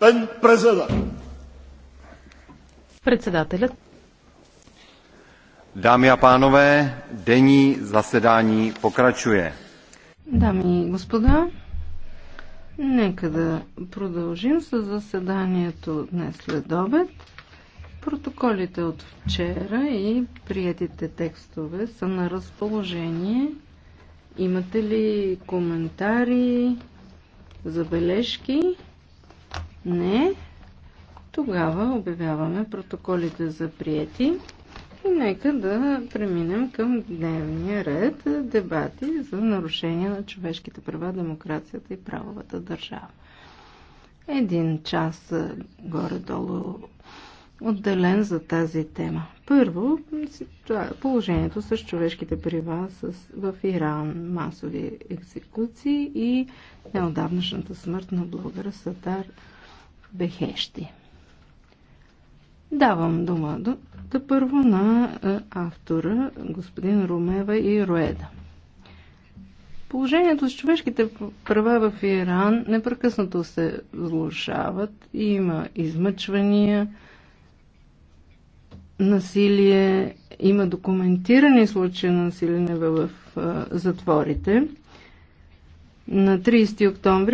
Пен Председателят. Дами и панове, дени zasedání покрачуе. Дами и господа, нека да продължим с заседанието днес след обед. Протоколите от вчера и приятите текстове са на разположение. Имате ли коментари, забележки? Не. Тогава обявяваме протоколите за приети. И нека да преминем към дневния ред дебати за нарушение на човешките права, демокрацията и правовата държава. Един час горе-долу отделен за тази тема. Първо, е положението с човешките права с, в Иран, масови екзекуции и неодавнашната смърт на блогъра Сатар Бехещи. Давам до, да първо на е, автора, господин Румева и Роеда. Положението с човешките права в Иран непрекъснато се влушават. Има измъчвания, насилие, има документирани случаи на насилие в е, затворите. На 30 октомври